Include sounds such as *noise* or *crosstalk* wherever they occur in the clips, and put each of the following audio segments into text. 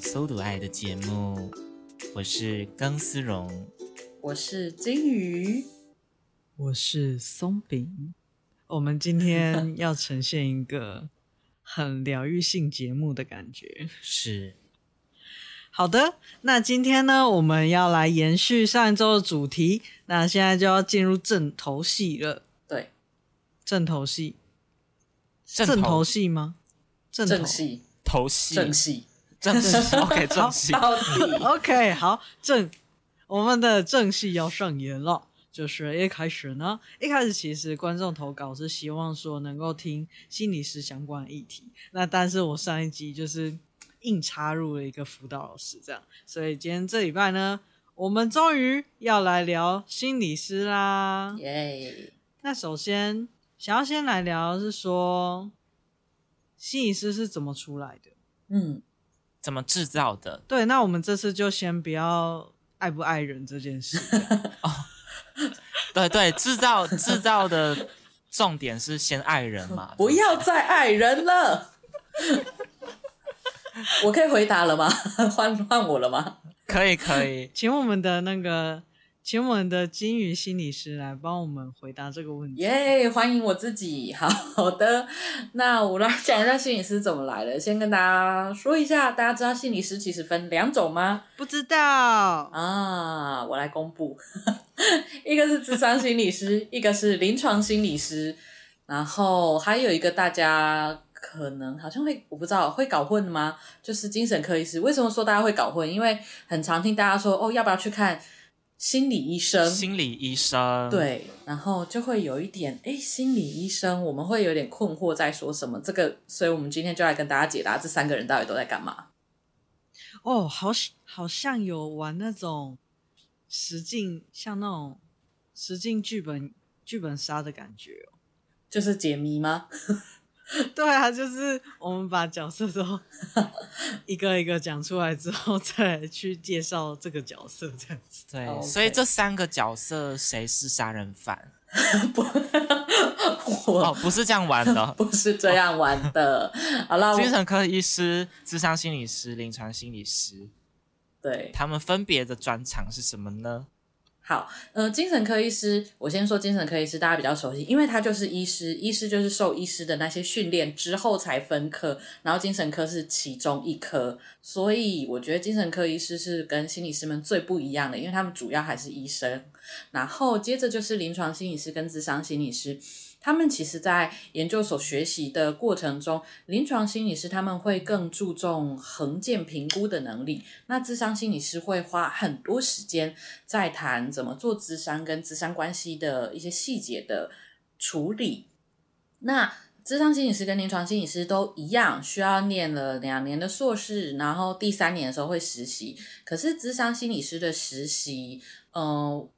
搜讀愛的節目，我是鋼絲絨，我是鯨魚，我是鬆餅。我們今天要呈現一個很療癒性節目的感覺，是好的。那今天呢，我們要來延續上一周的主題，那現在就要進入正頭戲了。對，正頭戲，正頭，正頭戲嗎？正戲，頭戲，正戲。真的 OK，到底 OK 好正，我們的正戲要上演了。就是一開始呢，一開始其實觀眾投稿是希望說能夠聽心理師相關的議題。那但是我上一集就是硬插入了一個輔導老師，這樣。所以今天這禮拜呢，我們終於要來聊心理師啦。耶、yeah.！那首先想要先來聊是說，心理師是怎麼出來的？嗯、mm.。怎麼製造的？對，那我們這次就先不要愛不愛人這件事。 *laughs* 哦，對對，製造製造的重點是先愛人嘛。不要再愛人了。 *laughs* 我可以回答了嗎？換 *laughs* 換我了嗎？可以可以，請我們的那個。請我們的鯨魚心理師來幫我們回答這個問題。耶、yeah，歡迎我自己。好，好的，那我來講一下心理師怎麼來的。先跟大家說一下，大家知道心理師其實分兩種嗎？不知道啊。我來公布， *laughs* 一個是諮商心理師， *laughs* 一個是臨床心理師，然後還有一個大家可能好像會我不知道會搞混的嗎？就是精神科醫師。為什麼說大家會搞混？因為很常聽大家說哦，要不要去看？心理醫生，心理醫生，對，然後就會有一點，誒，心理醫生，我們會有點困惑，在說什麼這個，所以我們今天就來跟大家解答這三個人到底都在幹嘛。哦，好，好像有玩那種實境，像那種實境劇本、劇本殺的感覺喔，就是解謎嗎？ *laughs* *laughs* 對啊，就是我們把角色都一個一個講出來之後，再去介紹這個角色這樣子。對，oh, okay. 所以這三個角色誰是殺人犯？ *laughs* 不、哦，不是這樣玩的，不是這樣玩的。哦、 *laughs* *laughs* 好了，精神科醫師、諮商心理師、臨床心理師，對他們分別的專長是什麼呢？好，呃，精神科醫師，我先說精神科醫師，大家比較熟悉，因為他就是醫師，醫師就是受醫師的那些訓練之後才分科，然後精神科是其中一科，所以我覺得精神科醫師是跟心理師們最不一樣的，因為他們主要還是醫生，然後接着就是臨床心理師跟諮商心理師。他們其實，在研究所學習的過程中，臨床心理師他們會更注重衡鑑評估的能力。那諮商心理師會花很多時間在談怎麼做諮商跟諮商關係的一些細節的處理。那諮商心理師跟臨床心理師都一樣，需要念了兩年的碩士，然後第三年的時候會實習。可是諮商心理師的實習，嗯、呃。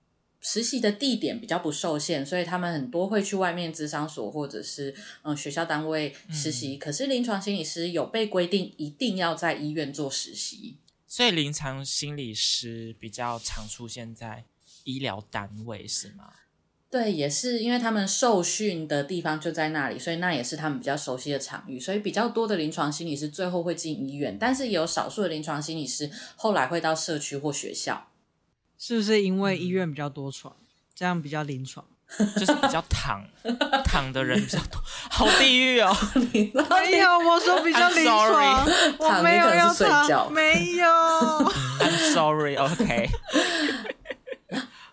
實習的地點比較不受限，所以他們很多會去外面諮商所或者是嗯學校單位實習，嗯。可是臨床心理師有被規定一定要在醫院做實習，所以臨床心理師比較常出現在醫療單位，是嗎？對，也是因為他們受訓的地方就在那裡，所以那也是他們比較熟悉的場域。所以比較多的臨床心理師最後會進醫院，但是也有少數的臨床心理師後來會到社區或學校。是不是因為醫院比較多床，這樣比較臨床？ *laughs* 就是比較躺躺的人比較多，好地獄哦！ *laughs* 沒有，我說比較臨床，我沒有要躺躺睡覺，沒有。 *laughs* I'm sorry, OK。 *laughs*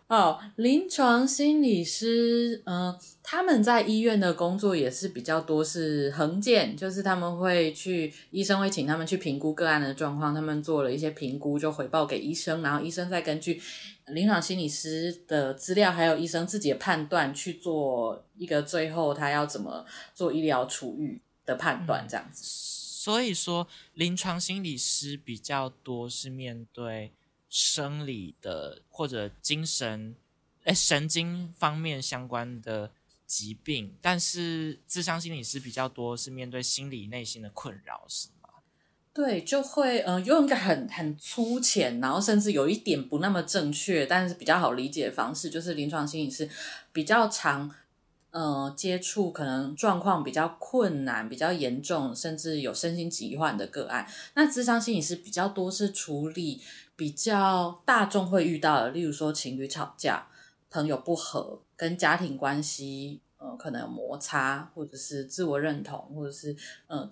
哦，臨床心理師，嗯，他們在醫院的工作也是比較多，是衡鑑，就是他們會去，醫生會請他們去評估個案的狀況，他們做了一些評估就回報給醫生，然後醫生再根據臨床心理師的資料還有醫生自己的判斷去做一個最後他要怎麼做醫療處遇的判斷、嗯、這樣子。所以說，臨床心理師比較多是面對。生理的或者精神、誒、欸，神經方面相關的疾病，但是諮商心理師比較多是面對心理內心的困擾，是嗎？對，就會嗯、呃，用一個很很粗淺，然後甚至有一點不那麼正確，但是比較好理解的方式，就是臨床心理師比較常呃接觸可能狀況比較困難、比較嚴重，甚至有身心疾患的個案。那諮商心理師比較多是處理。比較大眾會遇到的，例如說情侶吵架、朋友不和、跟家庭關係、呃，可能有摩擦，或者是自我認同，或者是嗯、呃、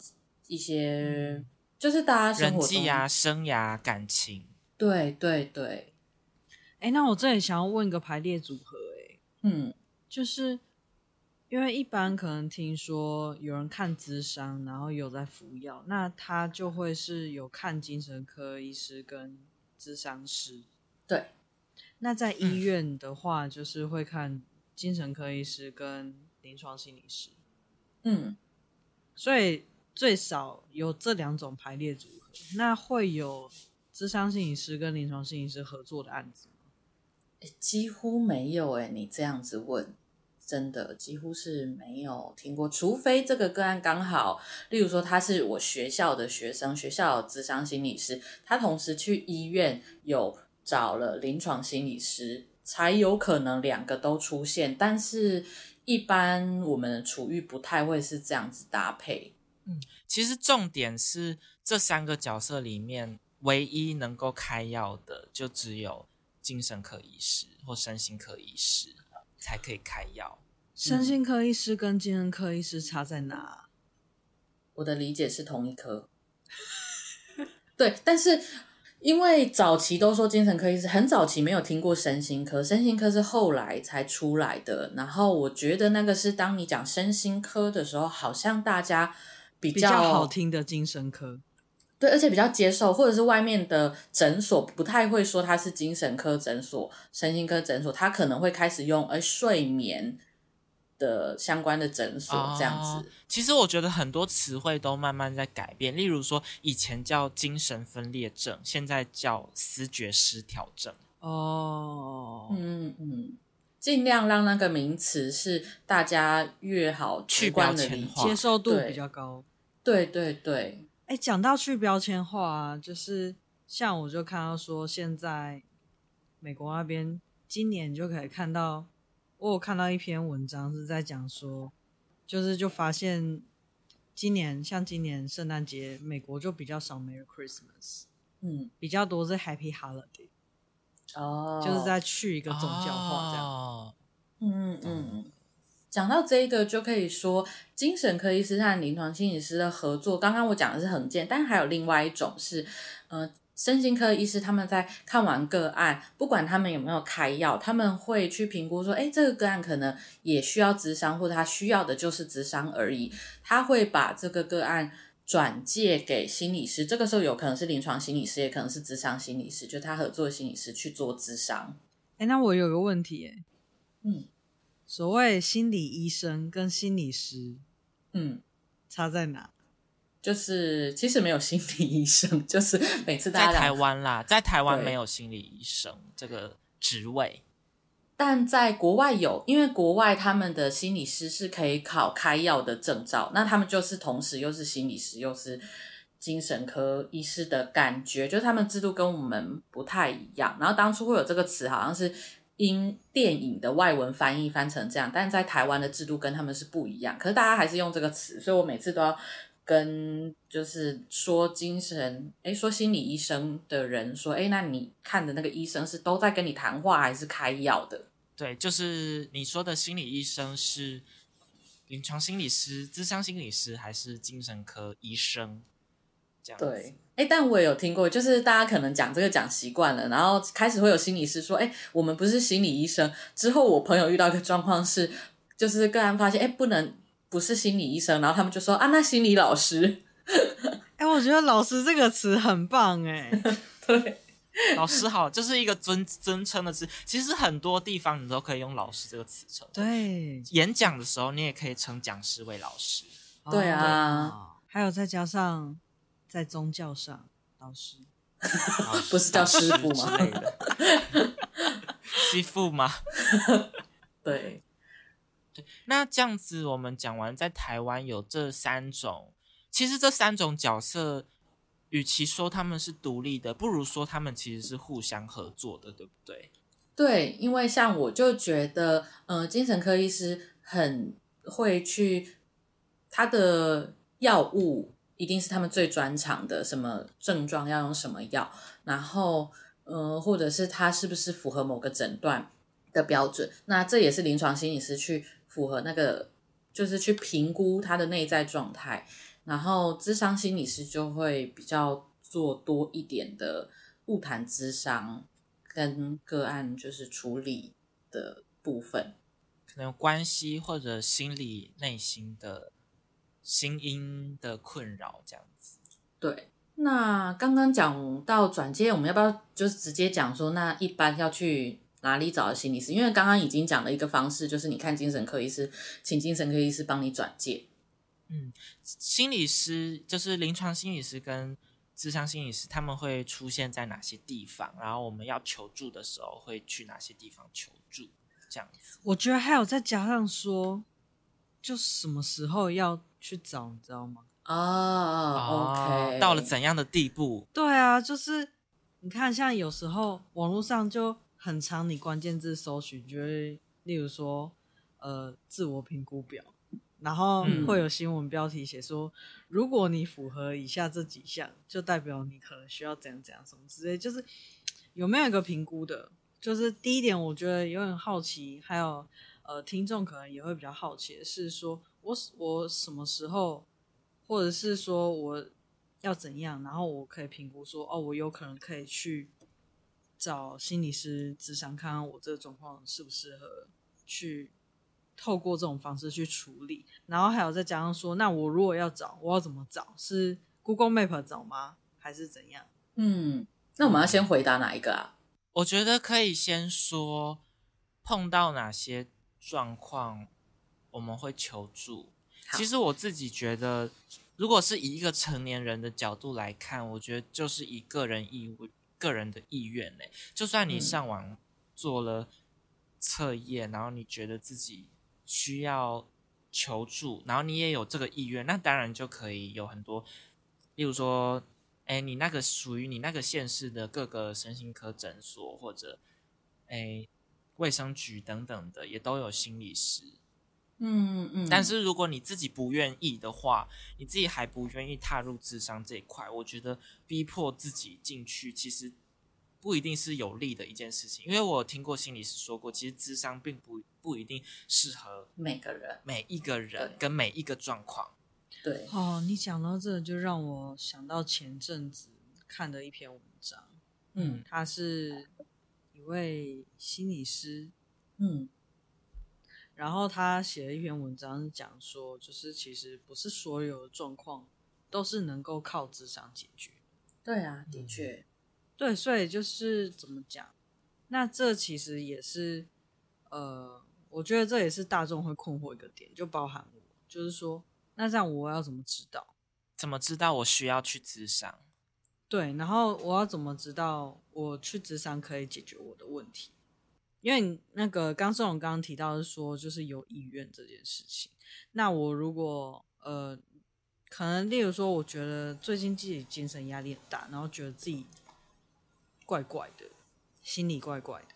一些嗯，就是大家生活人際呀、啊、生涯、感情。對對對。哎、欸，那我這裡想要問一個排列組合、欸，哎，嗯，就是因為一般可能聽說有人看諮商，然後有在服藥，那他就會是有看精神科醫師跟。諮商師，對。那在醫院的話，就是會看精神科醫師跟臨床心理師。嗯，所以最少有這兩種排列組合。那會有諮商心理師跟臨床心理師合作的案子嗎？欸、幾乎沒有，哎、欸，你這樣子問。真的幾乎是沒有聽過，除非這個個案剛好，例如說他是我學校的學生，學校有諮商心理師，他同時去醫院有找了臨床心理師，才有可能兩個都出現。但是，一般我們的處遇不太會是這樣子搭配。嗯，其實重點是這三個角色裡面，唯一能夠開藥的，就只有精神科醫師或身心科醫師才可以開藥。身心科醫師跟精神科醫師差在哪？嗯，我的理解是同一科， *laughs* 對，但是因為早期都說精神科醫師，很早期沒有聽過身心科，身心科是後來才出來的。然後我覺得那個是當你講身心科的時候，好像大家比較，比較好聽的精神科，對，而且比較接受，或者是外面的診所不太會說他是精神科診所、身心科診所，他可能會開始用，誒、欸、睡眠。的相關的診所這樣子。哦，其實我覺得很多詞彙都慢慢在改變。例如說，以前叫精神分裂症，現在叫思覺失調症。哦，嗯嗯，盡量讓那個名詞是大家越好去標籤化，接受度比較高。對對對，對，哎、欸，講到去標籤化。啊，就是像我就看到說，現在美國那邊今年就可以看到。我有看到一篇文章是在講說，就是就發現今年像今年聖誕節，美國就比較少 “Merry Christmas”，嗯，比較多是 “Happy Holiday”。哦，就是在去一個宗教化這樣。哦、嗯嗯嗯，講到這一個就可以說精神科醫師和臨床心理師的合作。剛剛我講的是很見，但還有另外一種是，呃身心科醫師他們在看完個案，不管他們有沒有開藥，他們會去評估說，哎、欸，這個個案可能也需要諮商，或他需要的就是諮商而已。他會把這個個案轉介給心理師，這個時候有可能是臨床心理師，也可能是諮商心理師，就他合作心理師去做諮商。哎、欸，那我有一個問題、欸，嗯，所謂心理醫生跟心理師，嗯，差在哪？就是其實沒有心理醫生，就是每次大家在台灣啦，在台灣沒有心理醫生這個職位，但在國外有，因為國外他們的心理師是可以考開藥的證照，那他們就是同時又是心理師又是精神科醫師的感覺，就是他們制度，跟我們不太一樣。然後當初會有這個詞，好像是因電影的外文翻譯翻成這樣，但在台灣的制度跟他們是不一樣，可是大家還是用這個詞，所以我每次都要。跟就是說精神，欸，說心理醫生的人說，欸，那你看的那個醫生是都在跟你談話，還是開藥的？對，就是你說的心理醫生是臨床心理師、諮商心理師，還是精神科醫生？這樣。對，欸，但我也有聽過，就是大家可能講這個講習慣了，然後開始會有心理師說，欸，我們不是心理醫生。之後我朋友遇到一個狀況是，就是個案發現，欸，不能。不是心理醫生，然後他們就說啊，那心理老師。哎、 *laughs* 欸，我覺得老師這個詞很棒哎。 *laughs* 對，老師好，這、就是一個尊尊稱的詞。其實很多地方你都可以用老師這個詞稱。對，演講的時候你也可以稱講師為老師。對啊，哦，對哦，還有再加上在宗教上，老師 *laughs* 不是叫師父嗎？師父 *laughs* 父嗎？ *laughs* 對。那這樣子，我們講完在台灣有這三種，其實這三種角色，與其說他們是獨立的，不如說他們其實是互相合作的，對不對？對，因為像我就覺得，嗯、呃，精神科醫師很會去他的藥物，一定是他們最專長的，什麼症狀要用什麼藥，然後，嗯、呃，或者是他是不是符合某個診斷的標準，那這也是臨床心理師去。符合那個，就是去評估他的內在狀態，然後諮商心理師就會比較做多一點的晤談諮商跟個案就是處理的部分，可能有關係或者心理內心的心因的困擾這樣子。對，那剛剛講到轉介，我們要不要就是直接講說，那一般要去？哪裡找的心理師？因為剛剛已經講了一個方式，就是你看精神科醫師，請精神科醫師幫你轉介。嗯，心理師就是臨床心理師跟諮商心理師，他們會出現在哪些地方？然後我們要求助的時候會去哪些地方求助？這樣子。我覺得還有再加上說，就什麼時候要去找，你知道嗎？啊、oh，OK，oh, 到了怎樣的地步？對啊，就是你看，像有時候網絡上就。很常，你關鍵字搜尋就會、是，例如說，呃，自我評估表，然後會有新聞標題寫說，如果你符合以下這幾項，就代表你可能需要怎樣怎樣什麼之類，就是有沒有一個評估的？就是第一點，我覺得有點好奇，還有呃，聽眾可能也會比較好奇的是說，說我我什麼時候，或者是說我要怎樣，然後我可以評估說，哦，我有可能可以去。找心理師，只想看看我這個狀況適不適合去透過這種方式去處理。然後還有再加上說，那我如果要找，我要怎麼找？是 Google Map 找嗎？還是怎樣？嗯，那我們要先回答哪一個啊？我覺得可以先說碰到哪些狀況我們會求助。其實我自己覺得，如果是以一個成年人的角度來看，我覺得就是以個人義務。個人的意願呢，就算你上網做了測驗、嗯，然後你覺得自己需要求助，然後你也有這個意願，那當然就可以有很多，例如說，哎、欸，你那個屬於你那個縣市的各個身心科診所或者哎、欸、衛生局等等的，也都有心理師。嗯嗯嗯，但是如果你自己不願意的話，你自己還不願意踏入諮商這一塊，我覺得逼迫自己進去其實不一定是有利的一件事情。因為我聽過心理師說過，其實諮商並不不一定適合每個人、每一個人跟每一個狀況。對，哦，你講到這就讓我想到前陣子看的一篇文章，嗯，他是一位心理師，嗯。然後他寫了一篇文章，講說就是其實不是所有的狀況都是能夠靠諮商解決。對啊，的確，嗯，對，所以就是怎麼講，那這其實也是，呃，我覺得這也是大眾會困惑一個點，就包含我，就是說，那這樣我要怎麼知道？怎麼知道我需要去諮商？對，然後我要怎麼知道我去諮商可以解決我的問題？因為那個剛我們剛剛提到的是說就是有意願這件事情，那我如果呃可能例如說我覺得最近自己精神壓力很大，然後覺得自己怪怪的，心裡怪怪的、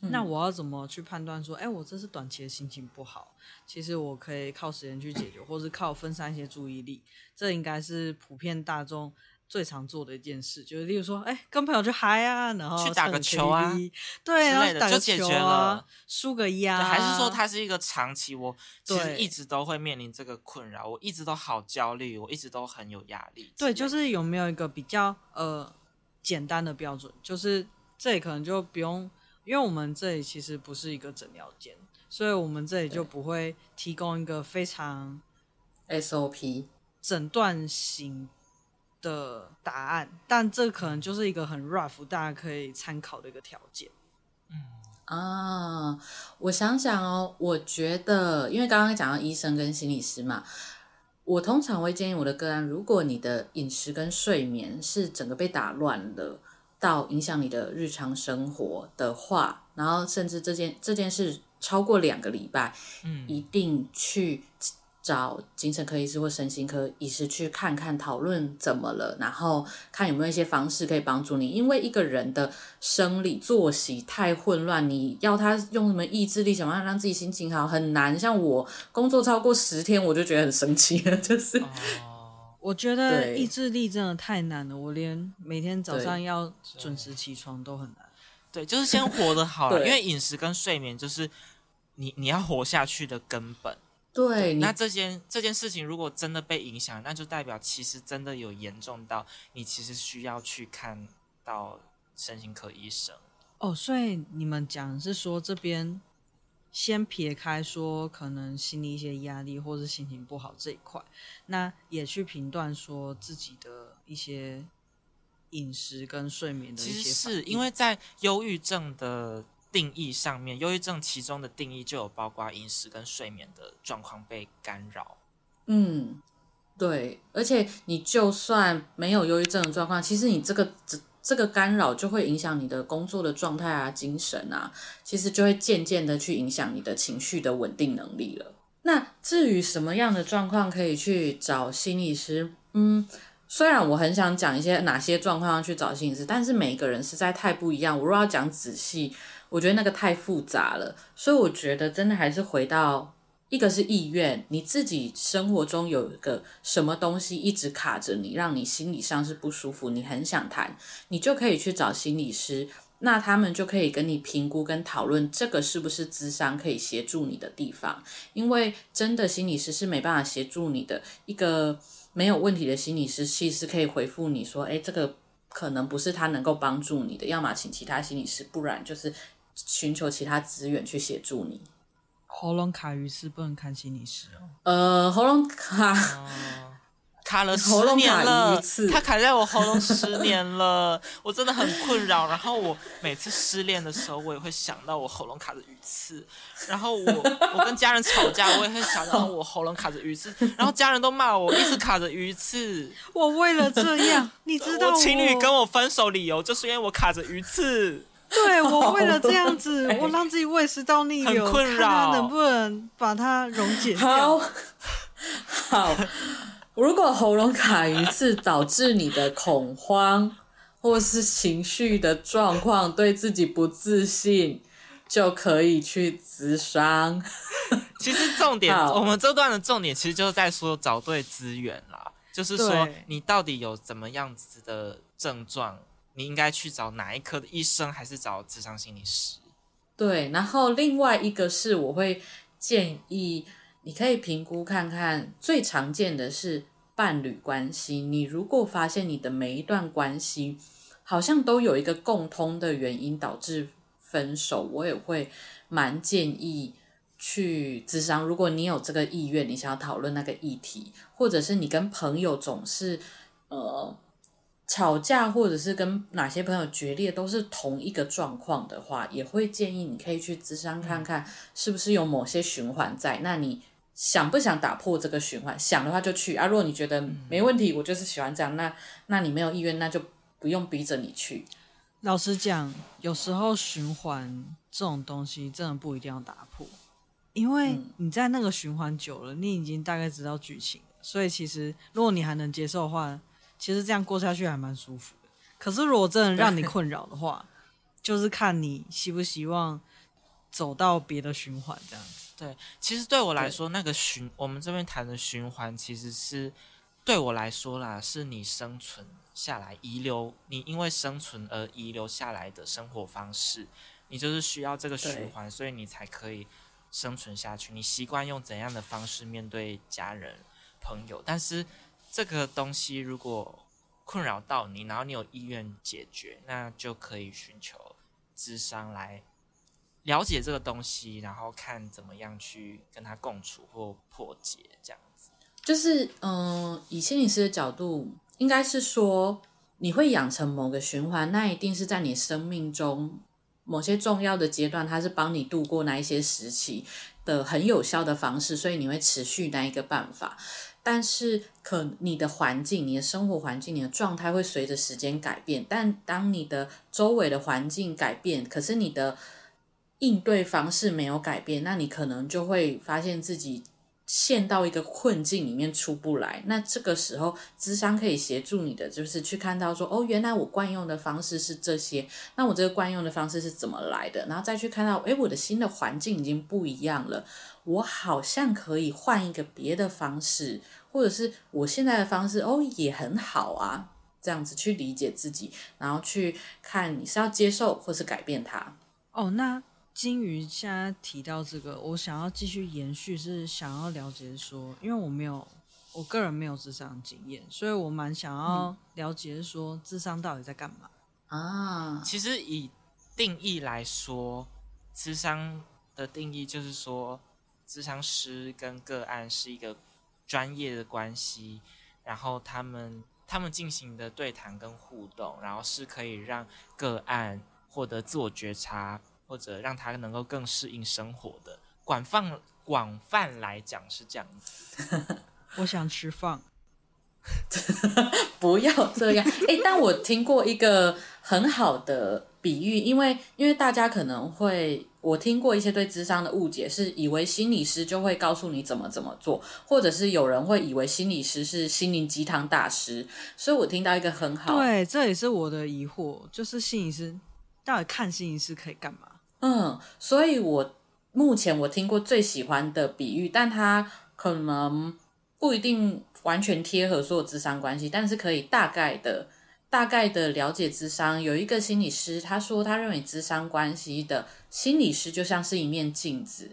嗯，那我要怎麼去判斷說，哎、欸，我這是短期的心情不好，其實我可以靠時間去解決，或是靠分散一些注意力，這應該是普遍大眾。最常做的一件事，就是例如說，哎、欸，跟朋友去嗨啊，然後 KV，去打個球啊，對，然後打個球啊，輸個一啊對，，還是說，它是一個長期，我其實一直都會面臨這個困擾，我一直都好焦慮，我一直都很有壓力。對，就是有沒有一個比較呃簡單的標準？就是這裡可能就不用，因為我們這裡其實不是一個診療間，所以我們這裡就不會提供一個非常 SOP 診斷型。的答案，但這可能就是一個很 rough，大家可以參考的一個條件。嗯，啊，我想想哦，我覺得因為剛剛講到醫生跟心理師嘛，我通常會建議我的個案，如果你的飲食跟睡眠是整個被打亂了，到影響你的日常生活的話，然後甚至這件這件事超過兩個禮拜，嗯，一定去找精神科醫師或身心科醫師去看看，討論怎麼了，然後看有沒有一些方式可以幫助你。因為一個人的生理作息太混亂，你要他用什麼意志力想要讓自己心情好很難。像我工作超過十天，我就覺得很生氣了，就是。哦、oh. *laughs* 我覺得意志力真的太難了，我連每天早上要準時起床都很難。對，對對，就是先活得好了， *laughs* 因為飲食跟睡眠就是你你要活下去的根本。對，對，那這件這件事情如果真的被影響，那就代表其實真的有嚴重到你，其實需要去看到身心科醫生。哦，所以你們講是說這邊先撇開說，可能心理一些壓力或者心情不好這一塊，那也去評斷說自己的一些飲食跟睡眠的一些，其實是因為在憂鬱症的。定義上面，憂鬱症其中的定義就有包括飲食跟睡眠的狀況被干擾。嗯，對。而且你就算沒有憂鬱症的狀況，其實你這個這這個干擾就會影響你的工作的狀態啊，精神啊，其實就會漸漸的去影響你的情緒的穩定能力了。那至於什麼樣的狀況可以去找心理師？嗯，雖然我很想講一些哪些狀況要去找心理師，但是每一個人實在太不一樣。我若要講仔細。我覺得那個太複雜了，所以我覺得真的還是回到一個是意願，你自己生活中有一個什麼東西一直卡着你，讓你心理上是不舒服，你很想談，你就可以去找心理師，那他們就可以跟你評估跟討論這個是不是諮商可以協助你的地方。因為真的心理師是沒辦法協助你的，一個沒有問題的心理師其實可以回復你說，誒，這個可能不是他能夠幫助你的，要麼請其他心理師，不然就是。尋求其他資源去協助你。喉嚨卡魚刺不能看心理師？喔、呃，喉嚨卡、呃、卡了十年了，卡他卡在我喉嚨十年了， *laughs* 我真的很困擾。然後我每次失戀的時候，我也會想到我喉嚨卡着魚刺。然後我我跟家人吵架，我也會想到我喉嚨卡着魚刺。然後家人都罵我，一直卡着魚刺。 *laughs* 我為了這樣， *laughs* 你知道我，我情侶跟我分手理由就是因為我卡着魚刺。對我為了這樣子，我讓自己胃食道逆流，看能不能把它溶解掉好好，如果喉嚨卡魚刺導致你的恐慌， *laughs* 或是情緒的狀況，對自己不自信，就可以去諮商 *laughs* 其實重點，我們這段的重點其實就是在說找對資源啦，就是說你到底有怎麼樣子的症狀。你應該去找哪一科的醫生，還是找諮商心理師？對，然後另外一個是我會建議，你可以評估看看，最常見的是伴侶關係。你如果發現你的每一段關係好像都有一個共通的原因導致分手，我也會蠻建議去諮商。如果你有這個意願，你想要討論那個議題，或者是你跟朋友總是呃。吵架，或者是跟哪些朋友決裂，都是同一個狀況的話，也會建議你可以去諮商看看，是不是有某些循環在。那你想不想打破這個循環？想的話就去啊。如果你覺得沒問題，我就是喜歡這樣，那那你沒有意願，那就不用逼着你去。老實講，有時候循環這種東西，真的不一定要打破，因為你在那個循環久了，你已經大概知道劇情了，所以其實如果你還能接受的話。其實這樣過下去還蠻舒服的。可是如果真的讓你困擾的話，就是看你希不希望走到別的循環這樣子。對，其實對我來說，那個循我們這邊談的循環，其實是對我來說啦，是你生存下來遺留，你因為生存而遺留下來的生活方式。你就是需要這個循環，所以你才可以生存下去。你習慣用怎樣的方式面對家人朋友，但是。這個東西如果困擾到你，然後你有意願解決，那就可以尋求諮商來了解這個東西，然後看怎麼樣去跟它共處或破解這樣子。就是嗯、呃，以心理師的角度，應該是說你會養成某個循環，那一定是在你生命中某些重要的階段，它是幫你度過那一些時期的很有效的方式，所以你會持續那一個辦法。但是，可你的環境、你的生活環境、你的狀態會隨着時間改變。但當你的周圍的環境改變，可是你的應對方式沒有改變，那你可能就會發現自己陷到一個困境裡面出不來，那這個時候諮商可以協助你的，就是去看到說，哦，原來我慣用的方式是這些，那我這個慣用的方式是怎麼來的？然後再去看到，誒，我的新的環境已經不一樣了，我好像可以換一個別的方式，或者是我現在的方式，哦，也很好啊，這樣子去理解自己，然後去看你是要接受或是改變它。哦，那。鯨魚現在提到這個，我想要繼續延續，就是想要了解說，因為我沒有，我個人沒有諮商經驗，所以我蠻想要了解說，嗯、諮商到底在幹嘛啊？其實以定義來說，諮商的定義就是說，諮商師跟個案是一個專業的關係，然後他們他們進行的對談跟互動，然後是可以讓個案獲得自我覺察。或者讓他能夠更適應生活的，廣泛廣泛來講是這樣子。 *laughs* 我想吃飯， *laughs* *laughs* 不要這樣。哎、欸， *laughs* 但我聽過一個很好的比喻，因為因為大家可能會我聽過一些對諮商的誤解，是以為心理師就會告訴你怎麼怎麼做，或者是有人會以為心理師是心靈雞湯大師。所以我聽到一個很好的，對，這也是我的疑惑，就是心理師到底，看心理師可以幹嘛？嗯，所以我目前我聽過最喜歡的比喻，但他可能不一定完全貼合所有諮商關係，但是可以大概的大概的了解諮商。有一個心理師他說，他認為諮商關係的心理師就像是一面鏡子。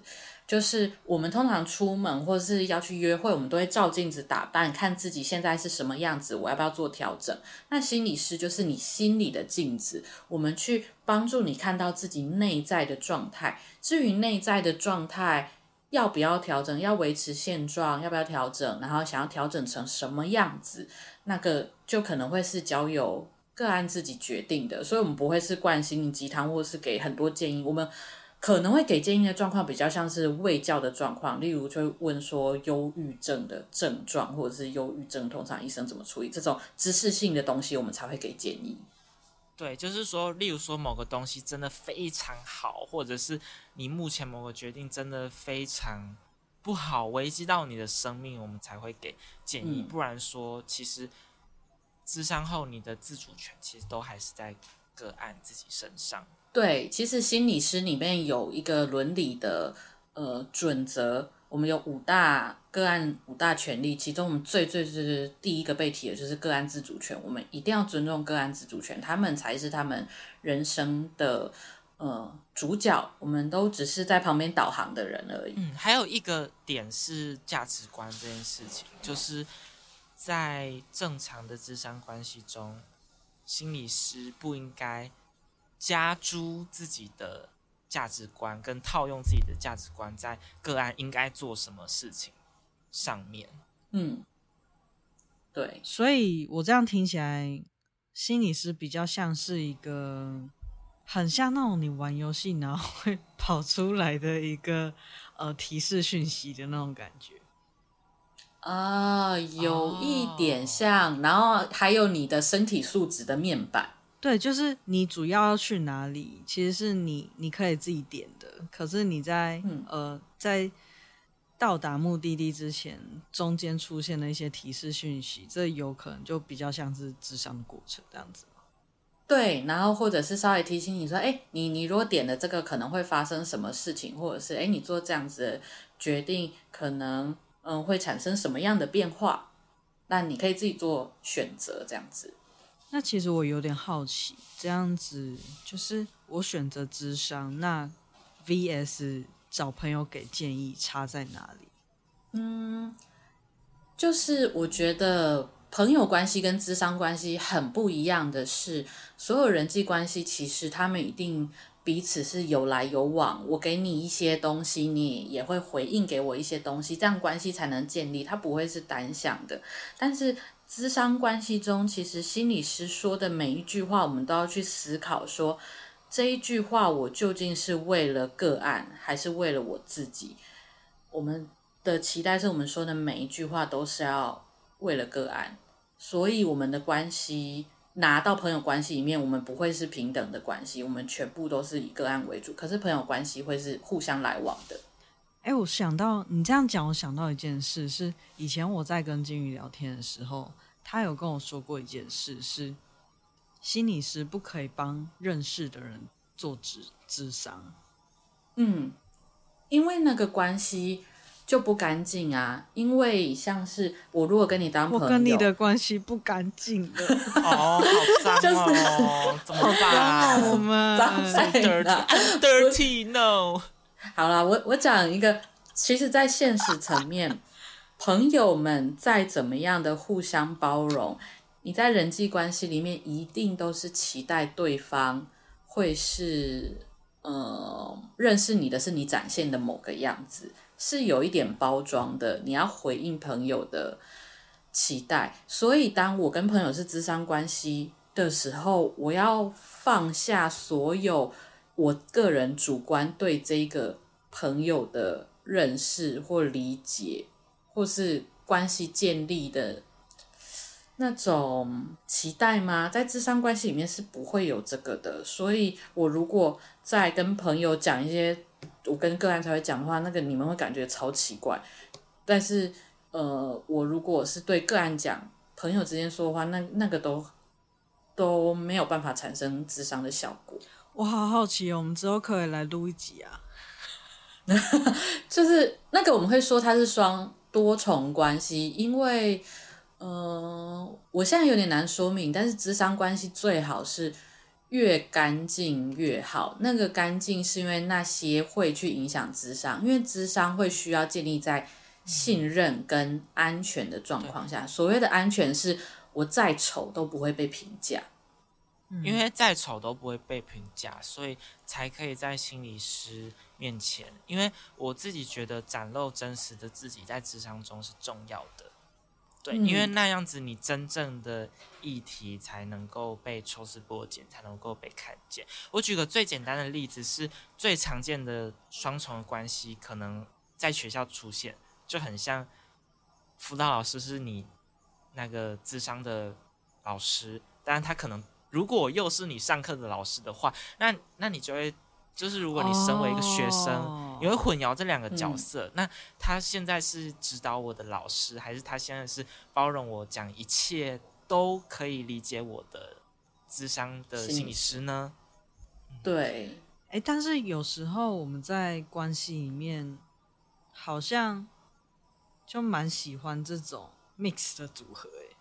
就是我們通常出門或者是要去約會，我們都會照鏡子打扮，看自己現在是什麼樣子，我要不要做調整？那心理師就是你心理的鏡子，我們去幫助你看到自己內在的狀態。至於內在的狀態要不要調整，要維持現狀要不要調整，然後想要調整成什麼樣子，那個就可能會是交由個案自己決定的。所以我們不會是灌心靈雞湯，或者是給很多建議。我們。可能會給建議的狀況比較像是衛教的狀況，例如就問說憂鬱症的症狀，或者是憂鬱症通常醫生怎麼處理這種知識性的東西，我們才會給建議。對，就是說，例如說某個東西真的非常好，或者是你目前某個決定真的非常不好，危及到你的生命，我們才會給建議。嗯、不然說，其實諮商後你的自主權其實都還是在。個案自己身上，對，其實心理師裡面有一個倫理的呃準則，我們有五大個案五大權利，其中我們最最最第一個被提的就是個案自主權，我們一定要尊重個案自主權，他們才是他們人生的呃主角，我們都只是在旁邊導航的人而已。嗯，還有一個點是價值觀這件事情，嗯、就是在正常的諮商關係中。心理師不應該加諸自己的價值觀，跟套用自己的價值觀在個案應該做什麼事情上面。嗯，對，所以我這樣聽起來，心理師比較像是一個，很像那種你玩遊戲然後會跑出來的一個呃提示訊息的那種感覺。啊、哦，有一點像，哦，然後還有你的身體素質的面板，對，就是你主要要去哪裡，其實是你你可以自己點的，可是你在，嗯，呃在到達目的地之前，中間出現的一些提示訊息，這有可能就比較像是諮商的過程這樣子。對，然後或者是稍微提醒你說，哎，你你如果點了這個，可能會發生什麼事情，或者是哎，你做這樣子的決定可能。嗯，會產生什麼樣的變化？那你可以自己做選擇，這樣子。那其實我有點好奇，這樣子就是我選擇諮商，那 vs 找朋友給建議差在哪裡？嗯，就是我覺得朋友關係跟諮商關係很不一樣的是，所有人際關係其實他們一定。彼此是有來有往，我給你一些東西，你也會回應給我一些東西，這樣關係才能建立。它不會是單向的。但是諮商關係中，其實心理師說的每一句話，我們都要去思考說，說這一句話我究竟是為了個案，還是為了我自己？我們的期待是我們說的每一句話都是要為了個案，所以我們的關係。拿到朋友關係裡面，我們不會是平等的關係，我們全部都是以個案為主。可是朋友關係會是互相來往的。哎、欸，我想到你這樣講，我想到一件事，是以前我在跟鯨魚聊天的時候，他有跟我說過一件事，是心理師不可以幫認識的人做諮商。嗯，因為那個關係。就不乾淨啊！因為像是我如果跟你當朋友，我跟你的關係不乾淨的哦，好髒啊！好髒，哦，髒 *laughs* 在哪兒 so？Dirty，no dirty。好啦，我我講一個，其實，在現實層面， *laughs* 朋友們再怎麼樣的互相包容，你在人際關係裡面一定都是期待對方會是，嗯、呃、認識你的是你展現的某個樣子。是有一點包裝的，你要回應朋友的期待。所以，當我跟朋友是諮商關係的時候，我要放下所有我個人主觀對這個朋友的認識或理解，或是關係建立的那種期待嗎？在諮商關係裡面是不會有這個的。所以，我如果在跟朋友講一些，我跟個案才會講的話，那個你們會感覺超奇怪。但是，呃，我如果是對個案講，朋友之間說的話，那那個都都沒有辦法產生諮商的效果。我好好奇哦，我們之後可以來錄一集啊。 *laughs* 就是那個我們會說它是雙多重關係，因為，嗯、呃，我現在有點難說明，但是諮商關係最好是。越乾淨越好，那個乾淨是因為那些會去影響諮商，因為諮商會需要建立在信任跟安全的狀況下，嗯。所謂的安全是，我再醜都不會被評價，因為再醜都不會被評價，所以才可以在心理師面前。因為我自己覺得展露真實的自己在諮商中是重要的。對，因為那樣子你真正的議題才能夠被抽絲剝繭，才能夠被看見。我舉個最簡單的例子是，是最常見的雙重的關係，可能在學校出現，就很像輔導老師是你那個諮商的老師，但是他可能如果又是你上課的老師的話，那那你就會就是如果你身為一個學生。哦你會混淆這兩個角色，嗯？那他現在是指導我的老師，還是他現在是包容我講一切都可以理解我的諮商的心理師呢？對，哎、欸，但是有時候我們在關係裡面，好像就蠻喜歡這種 mix 的組合，哎。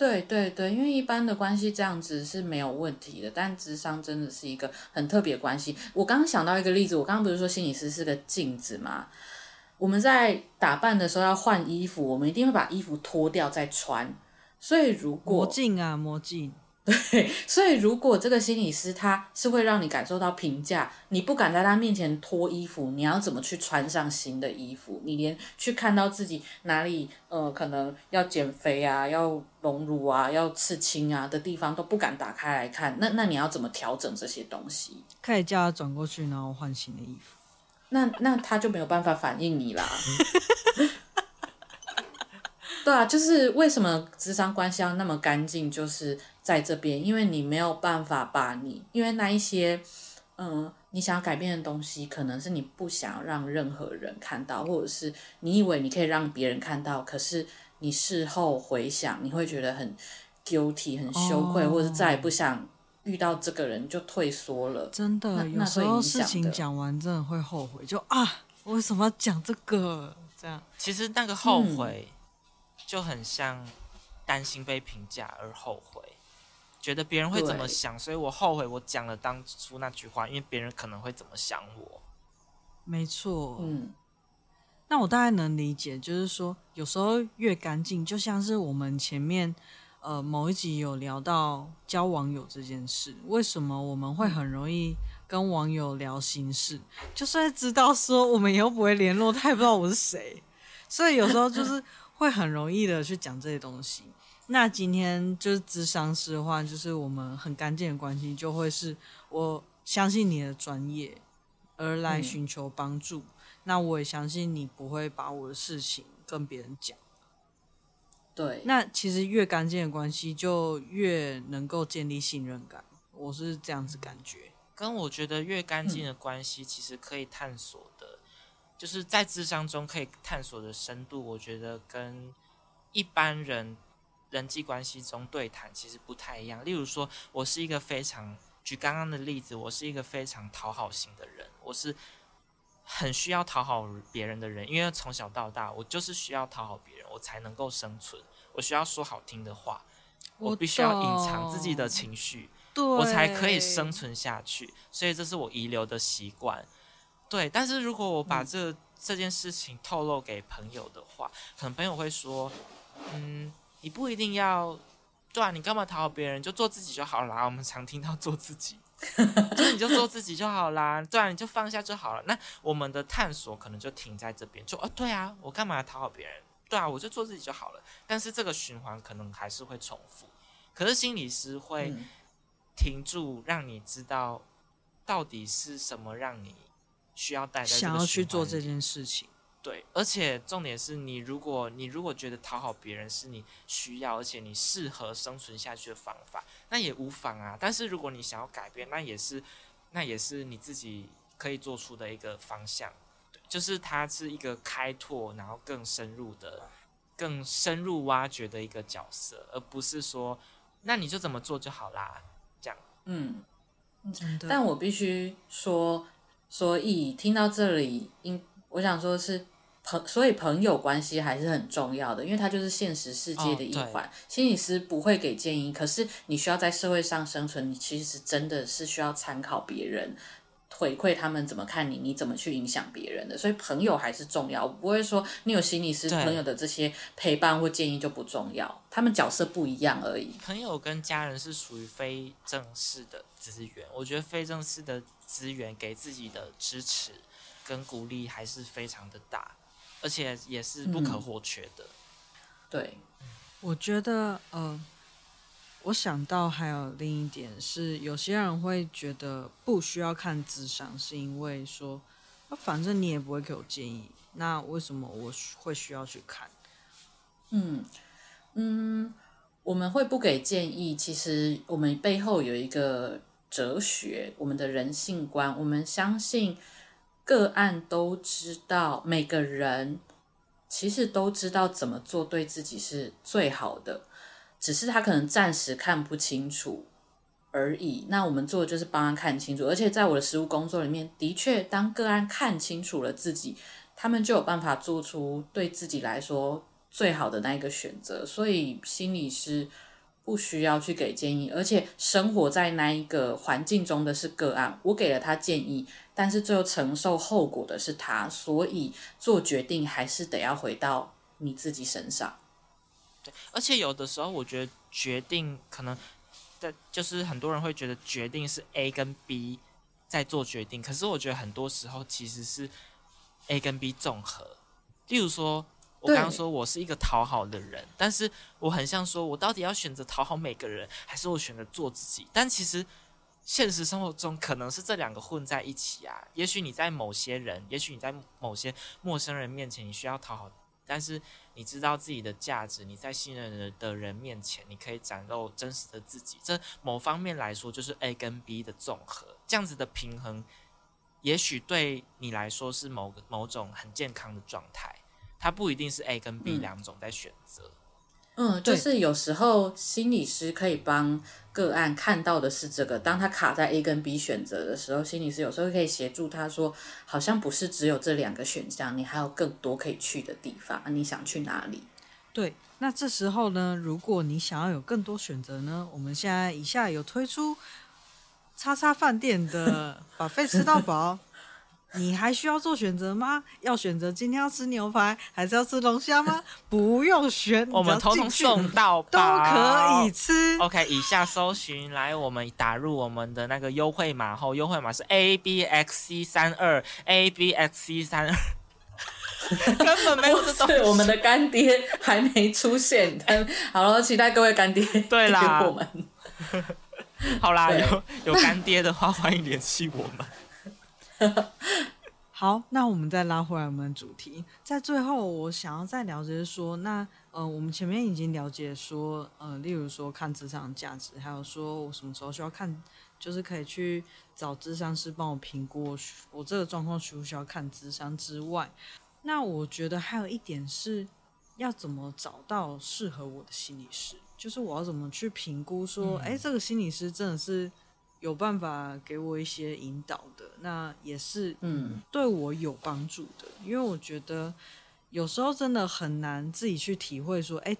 對對對，因為一般的關係這樣子是沒有問題的，但諮商真的是一個很特別的關係。我剛剛想到一個例子，我剛剛不是說心理師是個鏡子嘛，我們在打扮的時候要換衣服，我們一定會把衣服脫掉再穿，所以如果，魔鏡啊，魔鏡。對，所以如果這個心理師他是會讓你感受到評價，你不敢在他面前脫衣服，你要怎麼去穿上新的衣服？你連去看到自己哪裡呃，可能要減肥啊、要隆乳啊、要刺青啊的地方都不敢打開來看，那那你要怎麼調整這些東西？可以叫他轉過去，然後換新的衣服。那那他就沒有辦法反映你啦。 *laughs* 啊，就是為什麼諮商關係要那麼乾淨，就是在這邊，因為你沒有辦法把你，因為那一些，嗯、呃，你想要改變的東西，可能是你不想讓任何人看到，或者是你以為你可以讓別人看到，可是你事後回想，你會覺得很 guilty，很羞愧，oh. 或者再也不想遇到這個人就退縮了。真的，那有時候事情,的事情講完真的會後悔，就啊，我為什麼要講這個？這樣，其實那個後悔、嗯。就很像擔心被評價而後悔，覺得別人會怎麼想，所以我後悔我講了當初那句話，因為別人可能會怎麼想我。沒錯，嗯，那我大概能理解，就是說有時候越乾淨，就像是我們前面呃某一集有聊到交網友這件事，為什麼我們會很容易跟網友聊心事？就算知道說我們以後不會聯絡，他也不知道我是誰，所以有時候就是。 *laughs* 會很容易的去講這些東西。那今天就是諮商師的話，就是我們很乾淨的關係就會是，我相信你的專業，而來尋求幫助，嗯。那我也相信你不會把我的事情跟別人講。對。那其實越乾淨的關係就越能夠建立信任感，我是這樣子感覺。跟我覺得越乾淨的關係，其實可以探索的。嗯。就是在諮商中可以探索的深度，我覺得跟一般人人際關係中對談其實不太一樣。例如說，我是一個非常舉剛剛的例子，我是一個非常討好型的人，我是很需要討好別人的人，因為從小到大，我就是需要討好別人，我才能夠生存。我需要說好聽的話，我必須要隱藏自己的情緒，我才可以生存下去。所以，這是我遺留的習慣。對，但是如果我把這、嗯、這件事情透露給朋友的話，可能朋友會說：“嗯，你不一定要對啊，你幹嘛討好別人？就做自己就好啦。我們常聽到“做自己”， *laughs* 就你就做自己就好啦。對啊，你就放下就好了。那我們的探索可能就停在這邊，就啊，對啊，我幹嘛討好別人？對啊，我就做自己就好了。但是這個循環可能還是會重複，可是心理師會停住，讓你知道到底是什麼讓你。需要帶在想要去做這件事情，對，而且重點是你，如果你如果覺得討好別人是你需要，而且你適合生存下去的方法，那也無妨啊。但是如果你想要改變，那也是，那也是你自己可以做出的一個方向，對，就是它是一個開拓，然後更深入的，更深入挖掘的一個角色，而不是說那你就怎麼做就好啦，這樣，嗯，但我必須說。所以聽到這裡，應我想說是朋，所以朋友關係還是很重要的，因為它就是現實世界的一環，哦。心理師不會給建議，可是你需要在社會上生存，你其實真的是需要參考別人，回饋他們怎麼看你，你怎麼去影響別人的。所以朋友還是重要，不會說你有心理師朋友的這些陪伴或建議就不重要，他們角色不一樣而已。朋友跟家人是屬於非正式的資源，我覺得非正式的，資源給自己的支持跟鼓勵還是非常的大，而且也是不可或缺的。嗯、對、嗯，我覺得，嗯、呃，我想到還有另一點是，有些人會覺得不需要看諮商，是因為說，反正你也不會給我建議，那為什麼我會需要去看？嗯嗯，我們會不給建議，其實我們背後有一個。哲學，我們的人性觀，我們相信個案都知道，每個人其實都知道怎麼做對自己是最好的，只是他可能暫時看不清楚而已。那我們做的就是幫他看清楚，而且在我的實務工作裡面，的確，當個案看清楚了自己，他們就有辦法做出對自己來說最好的那一個選擇。所以，心理師。不需要去給建議，而且生活在那一個環境中的是個案，我給了他建議，但是最後承受後果的是他，所以做決定還是得要回到你自己身上。對，而且有的時候我覺得決定可能在就是很多人會覺得決定是 A 跟 B 在做決定，可是我覺得很多時候其實是 A 跟 B 綜合，例如說。我剛剛說我是一個討好的人，但是我很想說，我到底要選擇討好每個人，還是我選擇做自己？但其實，現實生活中可能是這兩個混在一起啊。也許你在某些人，也許你在某些陌生人面前你需要討好，但是你知道自己的價值。你在信任的人面前，你可以展露真實的自己。這某方面來說，就是 A 跟 B 的總和，這樣子的平衡，也許對你來說是某個某種很健康的狀態。它不一定是 A 跟 B 兩種在選擇，嗯，就是有時候心理師可以幫個案看到的是這個，當他卡在 A 跟 B 選擇的時候，心理師有時候可以協助他說，好像不是只有這兩個選項，你還有更多可以去的地方，你想去哪裡？對，那這時候呢，如果你想要有更多選擇呢，我們現在以下有推出叉叉飯店的 buffet 吃到飽。 *laughs* 你還需要做選擇嗎？要選擇今天要吃牛排還是要吃龍蝦嗎？ *laughs* 不用選，我們通，通送到 *laughs* 都可以吃。OK，以下搜尋來，我們打入我們的那個優惠碼後，優惠碼是 ABXC 三二 ABXC 三二， *laughs* 根本沒有這東西 *laughs* 不是，我們的乾爹還沒出現。嗯，好了，期待各位乾爹，對啦，我 *laughs* 們好啦，有有乾爹的話， *laughs* 歡迎聯繫我們。 *laughs* 好，那我們再拉回來我們的主題。在最後，我想要再了解說，那呃，我們前面已經了解說，呃，例如說看諮商的價值，還有說我什麼時候需要看，就是可以去找諮商師幫我評估我這個狀況需不需要看諮商之外，那我覺得還有一點是要怎麼找到適合我的心理師，就是我要怎麼去評估說，誒、嗯欸，這個心理師真的是。有辦法給我一些引導的，那也是嗯對我有幫助的，嗯，因為我覺得有時候真的很難自己去體會說，哎，欸，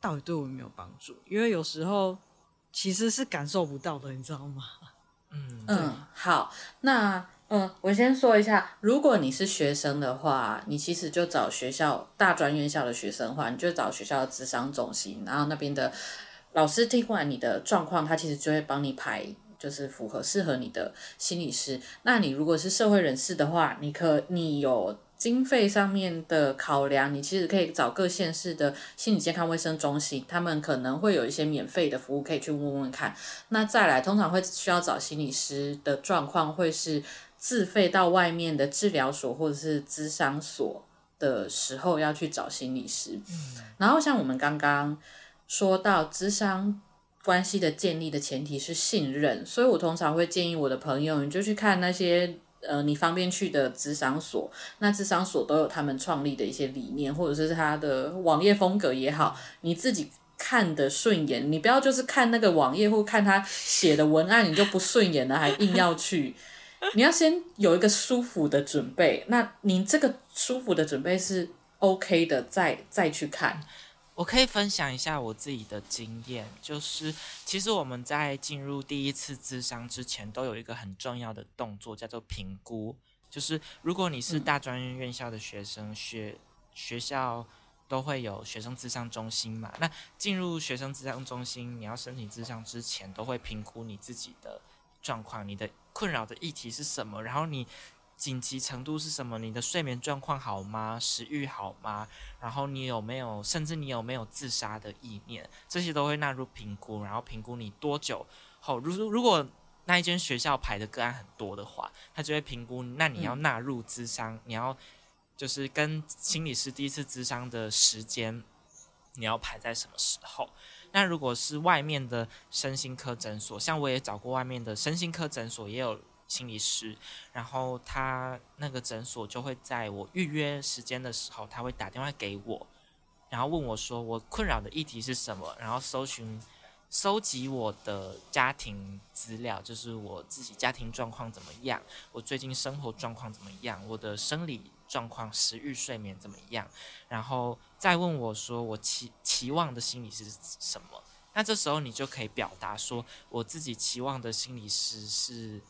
到底對我有沒有幫助，因為有時候其實是感受不到的，你知道嗎？嗯嗯，好，那嗯，我先說一下，如果你是學生的話，你其實就找學校大專院校的學生的話，你就找學校的諮商中心，然後那邊的老師聽完你的狀況，他其實就會幫你排。就是符合適合你的心理師。那你如果是社會人士的話，你可你有經費上面的考量，你其實可以找各縣市的心理健康衛生中心，他們可能會有一些免費的服務，可以去問問看。那再來，通常會需要找心理師的狀況，會是自費到外面的治療所或者是諮商所的時候要去找心理師。嗯，然後像我們剛剛說到諮商。關係的建立的前提是信任，所以我通常會建議我的朋友，你就去看那些呃你方便去的諮商所，那諮商所都有他們創立的一些理念，或者是他的網頁風格也好，你自己看得順眼，你不要就是看那個網頁或看他寫的文案你就不順眼了，還硬要去，你要先有一個舒服的準備，那你這個舒服的準備是 OK 的，再再去看。我可以分享一下我自己的經驗，就是其實我們在進入第一次諮商之前，都有一個很重要的動作叫做評估。就是如果你是大專院校的學生，學學校都會有學生諮商中心嘛，那進入學生諮商中心，你要申請諮商之前，都會評估你自己的狀況，你的困擾的議題是什麼，然後你。緊急程度是什麼？你的睡眠狀況好嗎？食慾好嗎？然後你有沒有，甚至你有沒有自殺的意念？這些都會納入評估，然後評估你多久後。好，如如果那一間學校排的個案很多的話，他就會評估，那你要納入諮商、嗯，你要就是跟心理師第一次諮商的時間，你要排在什麼時候？那如果是外面的身心科診所，像我也找過外面的身心科診所，也有。心理師，然後他那個診所就會在我預約時間的時候，他會打電話給我，然後問我說我困擾的議題是什麼，然後搜尋、搜集我的家庭資料，就是我自己家庭狀況怎麼樣，我最近生活狀況怎麼樣，我的生理狀況、食欲、睡眠怎麼樣，然後再問我說我期期望的心理師是什麼。那這時候你就可以表達說我自己期望的心理師是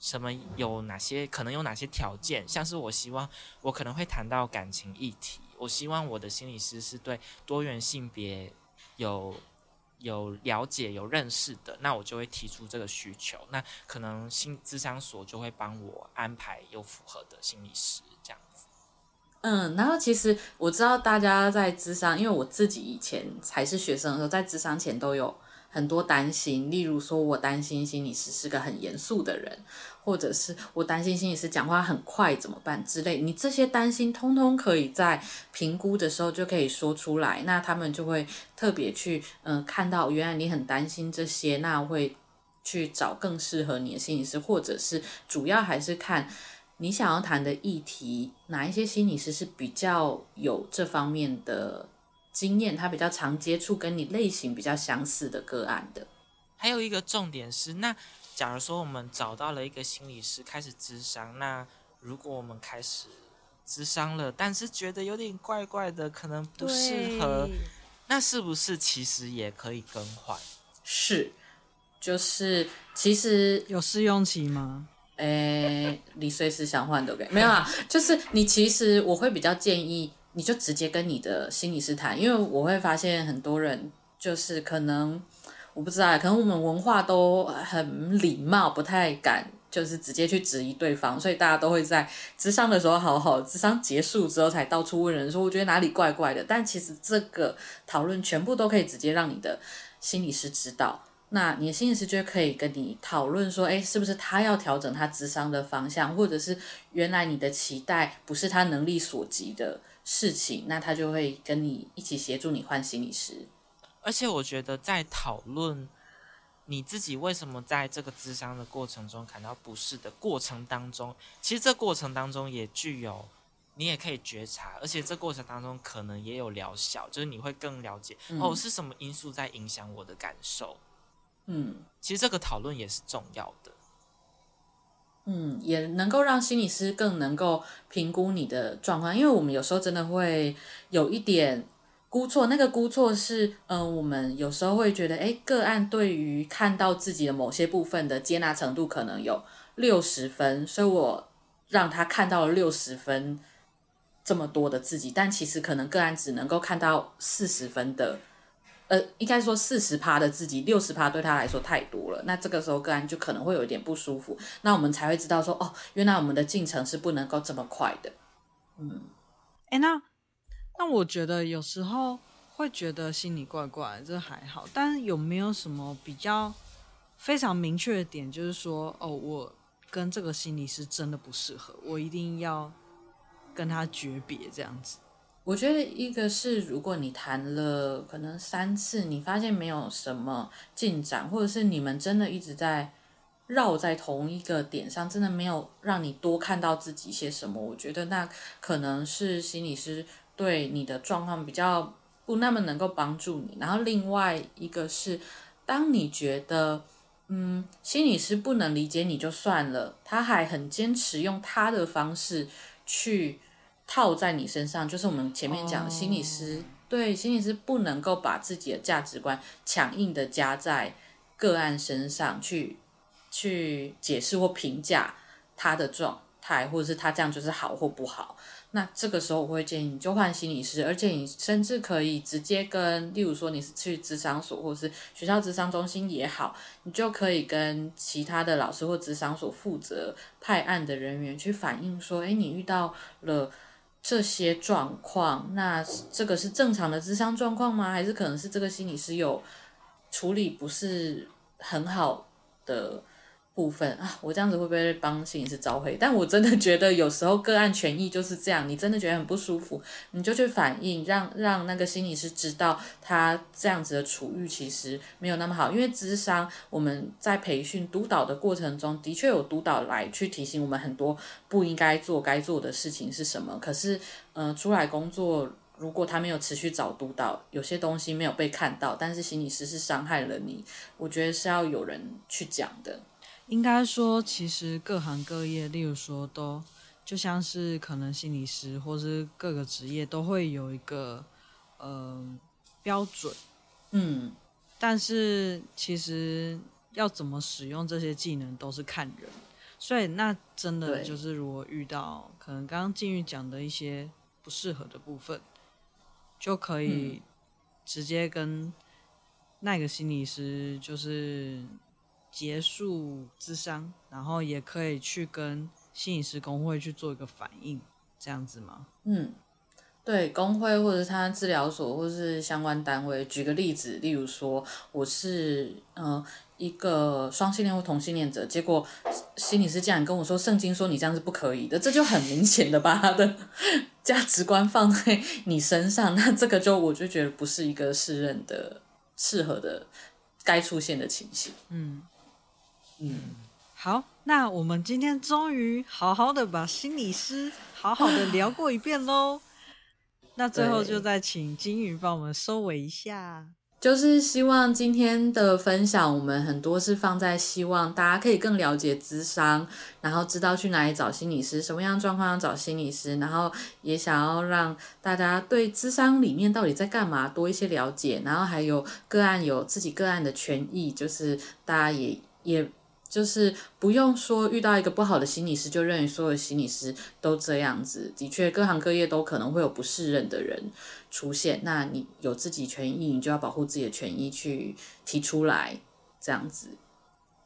什麼，有哪些，可能有哪些條件？像是我希望我可能會談到感情議題，我希望我的心理師是對多元性別有有了解有認識的，那我就會提出這個需求。那可能心諮商所就會幫我安排有符合的心理師這樣子。嗯，然後其實我知道大家在諮商，因為我自己以前還是學生的時候，在諮商前都有很多擔心，例如說我擔心心理師是個很嚴肅的人，或者是我擔心心理師講話很快怎麼辦之類，你這些擔心通通可以在評估的時候就可以說出來，那他們就會特別去嗯、呃、看到原來你很擔心這些，那會去找更適合你的心理師，或者是主要還是看你想要談的議題，哪一些心理師是比較有這方面的。經驗，他比較常接觸跟你類型比較相似的個案的。還有一個重點是，那假如說我們找到了一個心理師開始諮商，那如果我們開始諮商了，但是覺得有點怪怪的，可能不適合，那是不是其實也可以更換？是，就是其實有試用期嗎？誒，你隨時想換都可以。 *laughs* okay. 沒有啊？就是你其實我會比較建議。你就直接跟你的心理師談，因為我會發現很多人就是可能我不知道，可能我們文化都很禮貌，不太敢就是直接去質疑對方，所以大家都會在諮商的時候好好，諮商結束之後才到處問人說我覺得哪裡怪怪的。但其實這個討論全部都可以直接讓你的心理師知道，那你的心理師就可以跟你討論說，誒，是不是他要調整他諮商的方向，或者是原來你的期待不是他能力所及的。事情，那他就會跟你一起協助你換心理師。而且我覺得，在討論你自己為什麼在這個諮商的過程中感到不適的過程當中，其實這過程當中也具有你也可以覺察，而且這過程當中可能也有療效，就是你會更了解、嗯、哦，是什麼因素在影響我的感受。嗯，其實這個討論也是重要的。嗯，也能夠讓心理師更能夠評估你的狀況，因為我們有時候真的會有一點估錯。那個估錯是，嗯、呃，我們有時候會覺得，哎，個案對於看到自己的某些部分的接納程度可能有六十分，所以我讓他看到了六十分這麼多的自己，但其實可能個案只能夠看到四十分的。呃，應該說四十趴的自己，六十趴對他來說太多了。那這個時候個案就可能會有一點不舒服。那我們才會知道說，哦，原來我們的進程是不能夠這麼快的。嗯，誒、欸，那那我覺得有時候會覺得心裡怪怪，這還好。但有沒有什麼比較非常明確的點，就是說，哦，我跟這個心理師真的不適合，我一定要跟他訣別這樣子。我覺得一個是，如果你談了可能三次，你發現沒有什麼進展，或者是你們真的一直在繞在同一個點上，真的沒有讓你多看到自己一些什麼，我覺得那可能是心理師對你的狀況比較不那麼能夠幫助你。然後另外一個是，當你覺得嗯，心理師不能理解你就算了，他還很堅持用他的方式去。套在你身上，就是我們前面講的心理師，oh. 對，心理師不能夠把自己的價值觀強硬地加在個案身上去去解釋或評價他的狀態，或者是他這樣就是好或不好。那這個時候我會建議你就換心理師，而且你甚至可以直接跟，例如說你是去諮商所或是學校諮商中心也好，你就可以跟其他的老師或諮商所負責派案的人員去反映說，誒，你遇到了。這些狀況，那這個是正常的諮商狀況嗎？還是可能是這個心理師有處理不是很好的？部分啊，我這樣子會不會幫心理師招黑？但我真的覺得有時候個案權益就是這樣，你真的覺得很不舒服，你就去反映，讓讓那個心理師知道他這樣子的處遇其實沒有那麼好。因為諮商，我們在培訓督導的過程中，的確有督導來去提醒我們很多不應該做、該做的事情是什麼。可是，嗯、呃，出來工作如果他沒有持續找督導，有些東西沒有被看到，但是心理師是傷害了你，我覺得是要有人去講的。應該說，其實各行各業，例如說都，都就像是可能心理師，或是各個職業，都會有一個嗯、呃、標準，嗯。但是其實要怎麼使用這些技能，都是看人。所以那真的就是，如果遇到可能剛剛靜玉講的一些不適合的部分，就可以直接跟那個心理師就是。結束諮商，然後也可以去跟心理師工會去做一個反應，這樣子嗎？嗯，對，工會或者他治療所或者是相關單位，舉個例子，例如說，我是、呃、一個雙性戀或同性戀者，結果心理師竟然跟我說：“聖經說你這樣是不可以的。”這就很明顯的把他的價值觀放在你身上，那這個就我就覺得不是一個適任的、適合的、該出現的情形。嗯。嗯，好，那我們今天終於好好的把心理師好好的聊過一遍嘍。 *laughs* 那最後就再請鯨魚幫我們收尾一下，就是希望今天的分享，我們很多是放在希望大家可以更了解諮商，然後知道去哪裡找心理師，什麼樣狀況要找心理師，然後也想要讓大家對諮商裡面到底在幹嘛多一些了解，然後還有個案有自己個案的權益，就是大家也也。就是不用說遇到一個不好的心理師，就認為所有的心理師都這樣子。的確，各行各業都可能會有不適任的人出現。那你有自己權益，你就要保護自己的權益，去提出來這樣子。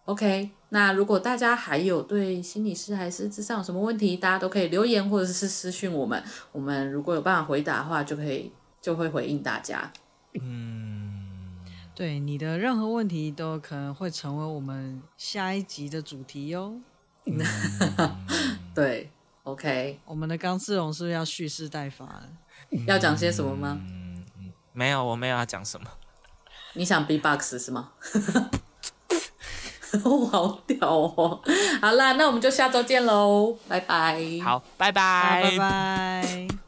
OK，那如果大家還有對心理師還是諮商有什麼問題，大家都可以留言或者是私訊我們。我們如果有辦法回答的話，就可以就會回應大家。嗯。對，你的任何問題都可能會成為我們下一集的主題喲、哦。嗯、 *laughs* 對，OK，我們的鋼次龍是不是要蓄勢待發，要講些什麼嗎、嗯？沒有，我沒有要講什麼。你想 B-box 是嗎？我好屌哦！好了、哦，那我們就下周見嘍，拜拜。好，拜拜，拜拜。啊拜拜。